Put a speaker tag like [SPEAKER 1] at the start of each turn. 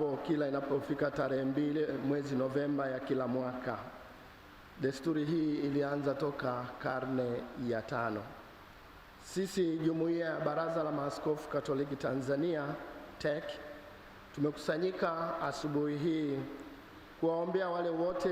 [SPEAKER 1] hapo kila inapofika tarehe mbili eh, mwezi Novemba ya kila mwaka. Desturi hii ilianza toka karne ya tano. Sisi jumuiya ya Baraza la Maaskofu Katoliki Tanzania TEC tumekusanyika asubuhi hii kuwaombea wale wote